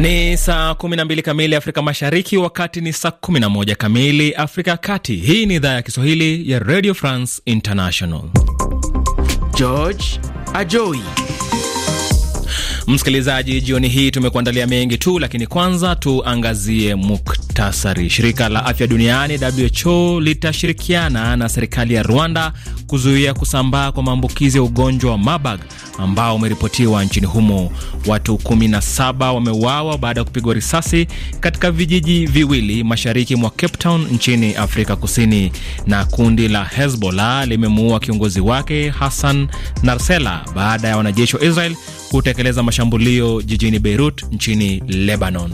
Ni saa 12 kamili Afrika Mashariki, wakati ni saa 11 kamili Afrika ya Kati. Hii ni idhaa ya Kiswahili ya Radio France International. George Ajoi. Msikilizaji, jioni hii tumekuandalia mengi tu, lakini kwanza tuangazie mukti muktasari. Shirika la afya duniani WHO litashirikiana na serikali ya Rwanda kuzuia kusambaa kwa maambukizi ya ugonjwa wa Marburg ambao umeripotiwa nchini humo. Watu 17 wameuawa baada ya kupigwa risasi katika vijiji viwili mashariki mwa Cape Town nchini Afrika Kusini. Na kundi la Hezbollah limemuua kiongozi wake Hassan Narsela baada ya wanajeshi wa Israel kutekeleza mashambulio jijini Beirut nchini Lebanon.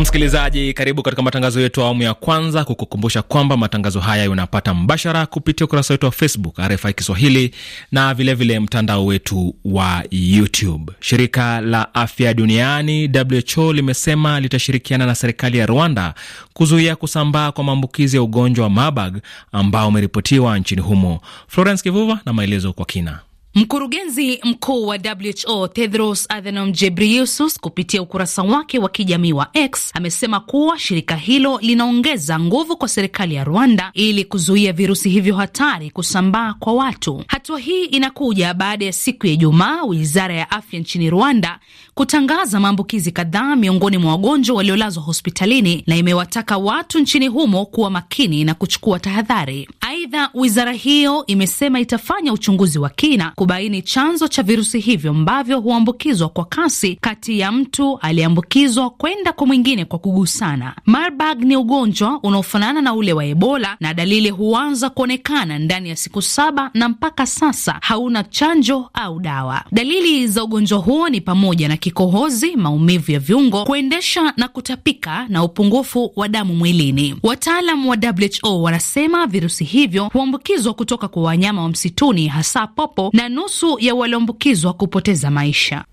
Msikilizaji, karibu katika matangazo yetu awamu ya kwanza, kukukumbusha kwamba matangazo haya unapata mbashara kupitia ukurasa wetu wa Facebook RFI Kiswahili na vilevile mtandao wetu wa YouTube. Shirika la Afya Duniani WHO limesema litashirikiana na serikali ya Rwanda kuzuia kusambaa kwa maambukizi ya ugonjwa wa Marburg ambao umeripotiwa nchini humo. Florence Kivuva na maelezo kwa kina. Mkurugenzi mkuu wa WHO Tedros Adhanom Ghebreyesus kupitia ukurasa wake wa kijamii wa X amesema kuwa shirika hilo linaongeza nguvu kwa serikali ya Rwanda ili kuzuia virusi hivyo hatari kusambaa kwa watu. Hatua hii inakuja baada ya siku ya Ijumaa wizara ya afya nchini Rwanda kutangaza maambukizi kadhaa miongoni mwa wagonjwa waliolazwa hospitalini na imewataka watu nchini humo kuwa makini na kuchukua tahadhari. Aidha, wizara hiyo imesema itafanya uchunguzi wa kina kubaini chanzo cha virusi hivyo ambavyo huambukizwa kwa kasi kati ya mtu aliyeambukizwa kwenda kwa mwingine kwa kugusana. Marburg ni ugonjwa unaofanana na ule wa Ebola na dalili huanza kuonekana ndani ya siku saba na mpaka sasa hauna chanjo au dawa. Dalili za ugonjwa huo ni pamoja na kikohozi, maumivu ya viungo, kuendesha na kutapika na upungufu wa damu mwilini. Wataalam wa WHO wanasema virusi hivyo huambukizwa kutoka kwa wanyama wa msituni, hasa popo na nusu ya walioambukizwa kupoteza maisha.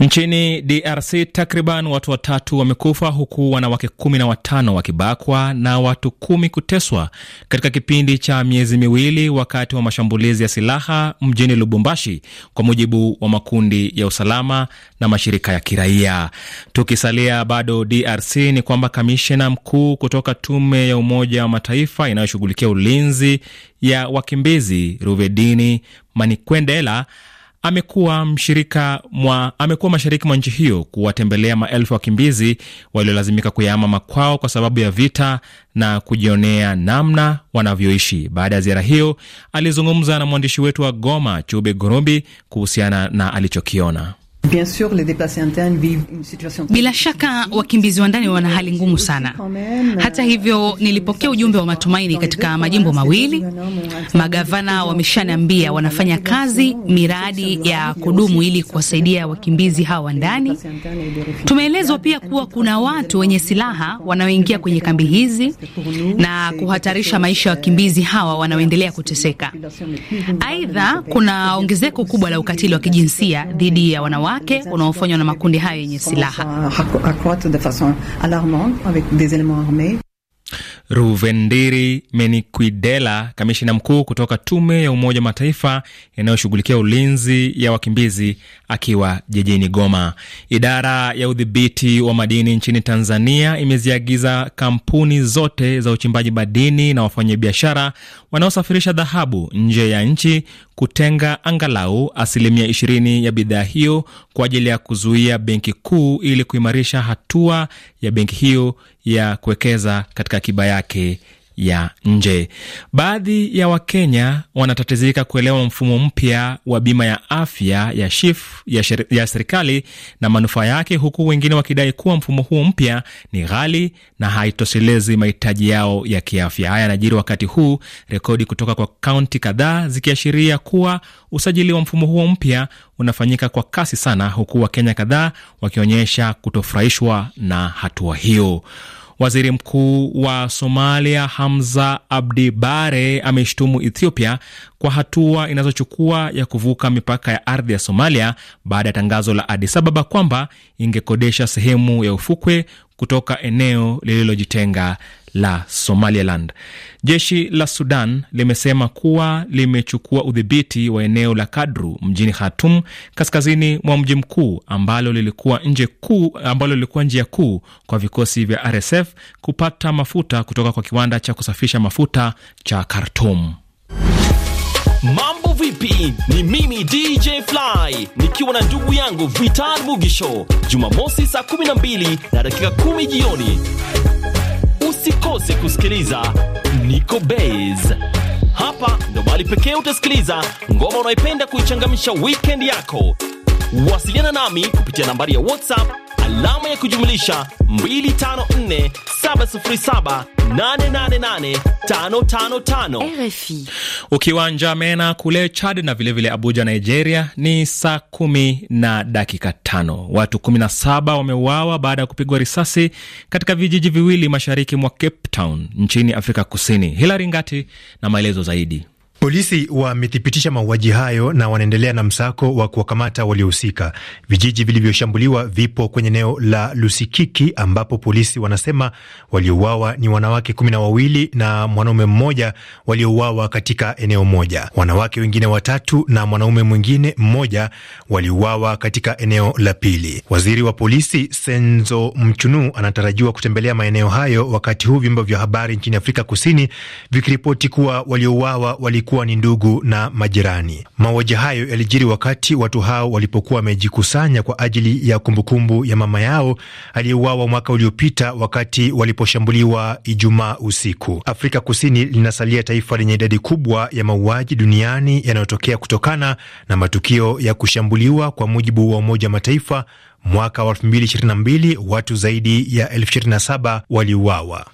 Nchini DRC takriban watu watatu wamekufa huku wanawake kumi na watano wakibakwa na watu kumi kuteswa katika kipindi cha miezi miwili wakati wa mashambulizi ya silaha mjini Lubumbashi, kwa mujibu wa makundi ya usalama na mashirika ya kiraia. Tukisalia bado DRC, ni kwamba kamishna mkuu kutoka tume ya Umoja wa Mataifa inayoshughulikia ulinzi ya wakimbizi Ruvedini Manikwendela amekuwa mshirika mwa amekuwa mashariki mwa nchi hiyo kuwatembelea maelfu ya wakimbizi waliolazimika kuyahama makwao kwa sababu ya vita na kujionea namna wanavyoishi. Baada ya ziara hiyo, alizungumza na mwandishi wetu wa Goma, Chube Gorombi, kuhusiana na alichokiona. Bila shaka wakimbizi wa ndani wana hali ngumu sana. Euh, Hata hivyo, nilipokea ujumbe wa matumaini katika majimbo mawili. Magavana wameshaniambia wanafanya kazi miradi ya kudumu ili kuwasaidia wakimbizi hawa wa ndani. Tumeelezwa pia kuwa kuna watu wenye silaha wanaoingia kwenye kambi hizi na kuhatarisha maisha ya wakimbizi hawa wanaoendelea kuteseka. Aidha, kuna ongezeko kubwa la ukatili wa kijinsia dhidi ya wanawake wake unaofanywa na makundi hayo yenye silaha. Ruvendiri Menikwidela, kamishina mkuu kutoka tume ya Umoja wa Mataifa inayoshughulikia ulinzi ya wakimbizi, akiwa jijini Goma. Idara ya udhibiti wa madini nchini Tanzania imeziagiza kampuni zote za uchimbaji madini na wafanyabiashara wanaosafirisha dhahabu nje ya nchi kutenga angalau asilimia 20 ya bidhaa hiyo kwa ajili ya kuzuia benki kuu ili kuimarisha hatua ya benki hiyo ya kuwekeza katika akiba yake ya nje. Baadhi ya Wakenya wanatatizika kuelewa mfumo mpya wa bima ya afya ya SHIF ya, ya serikali na manufaa yake, huku wengine wakidai kuwa mfumo huo mpya ni ghali na haitoshelezi mahitaji yao ya kiafya. Haya yanajiri wakati huu rekodi kutoka kwa kaunti kadhaa zikiashiria kuwa usajili wa mfumo huo mpya unafanyika kwa kasi sana, huku Wakenya kadhaa wakionyesha kutofurahishwa na hatua hiyo. Waziri mkuu wa Somalia Hamza Abdi Bare ameshtumu Ethiopia kwa hatua inazochukua ya kuvuka mipaka ya ardhi ya Somalia baada ya tangazo la Addis Ababa kwamba ingekodesha sehemu ya ufukwe kutoka eneo lililojitenga la Somaliland. Jeshi la Sudan limesema kuwa limechukua udhibiti wa eneo la Kadru mjini Khartoum, kaskazini mwa mji mkuu, ambalo lilikuwa nje kuu, ambalo lilikuwa njia kuu kwa vikosi vya RSF kupata mafuta kutoka kwa kiwanda cha kusafisha mafuta cha Khartoum. Mambo vipi? Ni mimi DJ Fly nikiwa na ndugu yangu Vital Bugishow, Jumamosi saa 12 na dakika 10 jioni usikose kusikiliza Niko bas Hapa ndo mahali pekee utasikiliza ngoma unaipenda kuichangamsha weekend yako. Wasiliana nami kupitia nambari ya WhatsApp alama ya kujumlisha 254 707 888 RFI. Ukiwa Njamena kule Chad na vilevile vile Abuja, Nigeria ni saa kumi na dakika tano. Watu 17 wameuawa baada ya kupigwa risasi katika vijiji viwili mashariki mwa Cape Town nchini Afrika Kusini. hilari Ngati na maelezo zaidi. Polisi wamethibitisha mauaji hayo na wanaendelea na msako wa kuwakamata waliohusika. Vijiji vilivyoshambuliwa vipo kwenye eneo la Lusikiki ambapo polisi wanasema waliouawa ni wanawake kumi na wawili na mwanaume mmoja waliouawa katika eneo moja. Wanawake wengine watatu na mwanaume mwingine mmoja waliuawa katika eneo la pili. Waziri wa polisi Senzo Mchunu anatarajiwa kutembelea maeneo hayo, wakati huu vyombo vya habari nchini Afrika Kusini vikiripoti kuwa waliouawa wali walikuwa ni ndugu na majirani. Mauaji hayo yalijiri wakati watu hao walipokuwa wamejikusanya kwa ajili ya kumbukumbu ya mama yao aliyeuawa mwaka uliopita wakati waliposhambuliwa Ijumaa usiku. Afrika Kusini linasalia taifa lenye idadi kubwa ya mauaji duniani yanayotokea kutokana na matukio ya kushambuliwa, kwa mujibu wa Umoja wa Mataifa. Mwaka wa 2022 watu zaidi ya 27 waliuawa.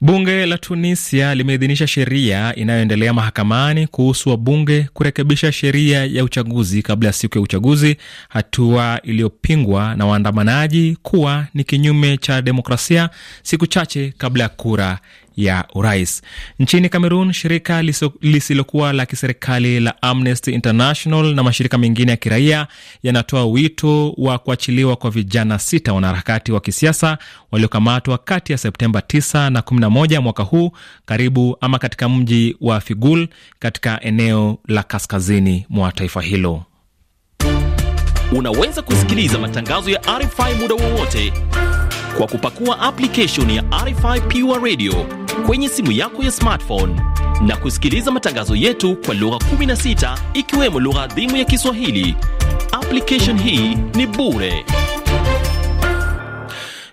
Bunge la Tunisia limeidhinisha sheria inayoendelea mahakamani kuhusu wabunge kurekebisha sheria ya uchaguzi kabla ya siku ya uchaguzi, hatua iliyopingwa na waandamanaji kuwa ni kinyume cha demokrasia siku chache kabla ya kura ya urais. Nchini Kamerun, shirika lisilokuwa la kiserikali la Amnesty International na mashirika mengine ya kiraia yanatoa wito wa kuachiliwa kwa vijana sita wanaharakati wa kisiasa waliokamatwa kati ya Septemba 9 na 11 mwaka huu karibu ama katika mji wa Figul katika eneo la kaskazini mwa taifa hilo. Unaweza kusikiliza matangazo ya RFI muda wowote kwa kupakua application ya RFI Pure Radio kwenye simu yako ya smartphone na kusikiliza matangazo yetu kwa lugha 16 ikiwemo lugha adhimu ya Kiswahili. Application hii ni bure.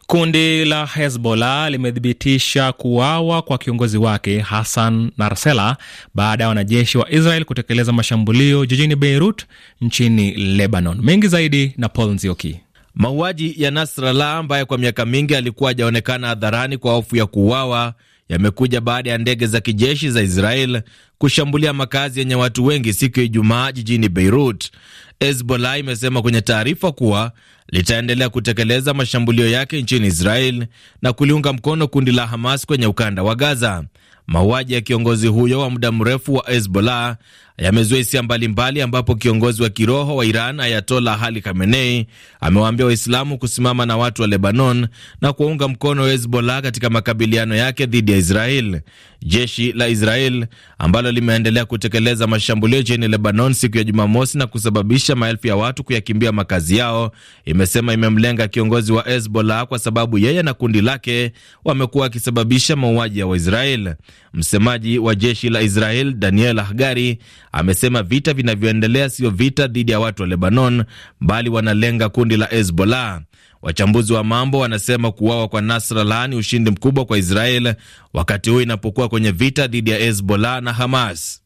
Kundi la Hezbollah limethibitisha kuuawa kwa kiongozi wake Hassan narsela baada ya wanajeshi wa Israel kutekeleza mashambulio jijini Beirut nchini Lebanon. Mengi zaidi na Paul Nzioki. Mauaji ya Nasrallah ambaye kwa miaka mingi alikuwa hajaonekana hadharani kwa hofu ya kuuawa yamekuja baada ya ndege za kijeshi za Israel kushambulia makazi yenye watu wengi siku ya Ijumaa jijini Beirut. Hezbollah imesema kwenye taarifa kuwa litaendelea kutekeleza mashambulio yake nchini Israel na kuliunga mkono kundi la Hamas kwenye ukanda wa Gaza. Mauaji ya kiongozi huyo wa muda mrefu wa Hezbollah yamezua hisia mbalimbali, ambapo kiongozi wa kiroho wa Iran Ayatola Ali Khamenei amewaambia Waislamu kusimama na watu wa Lebanon na kuwaunga mkono Hezbollah katika makabiliano yake dhidi ya Israel. Jeshi la Israel ambalo limeendelea kutekeleza mashambulio nchini Lebanon siku ya Jumamosi na kusababisha maelfu ya watu kuyakimbia makazi yao, imesema imemlenga kiongozi wa Hezbollah kwa sababu yeye na kundi lake wamekuwa wakisababisha mauaji ya Waisrael. Msemaji wa jeshi la Israel Daniel Ahgari amesema vita vinavyoendelea sio vita dhidi ya watu wa Lebanon, bali wanalenga kundi la Hezbollah. Wachambuzi wa mambo wanasema kuwawa kwa Nasrallah ni ushindi mkubwa kwa Israel wakati huu inapokuwa kwenye vita dhidi ya Hezbollah na Hamas.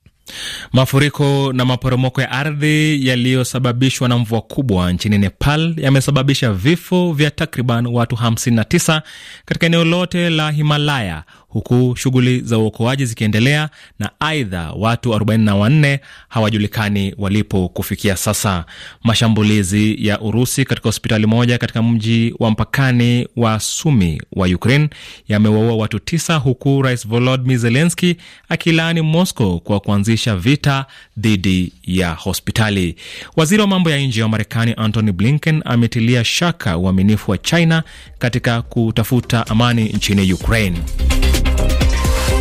Mafuriko na maporomoko ya ardhi yaliyosababishwa na mvua kubwa nchini Nepal yamesababisha vifo vya takriban watu 59 katika eneo lote la Himalaya, huku shughuli za uokoaji zikiendelea, na aidha watu 44 hawajulikani walipo kufikia sasa. Mashambulizi ya Urusi katika hospitali moja katika mji wa mpakani wa Sumi wa Ukraine yamewaua watu tisa, huku Rais Volodymyr zelenski akilaani Moscow kwa kuanzisha kuanzisha vita dhidi ya hospitali. Waziri wa mambo ya nje wa Marekani Antony Blinken ametilia shaka uaminifu wa China katika kutafuta amani nchini Ukraine.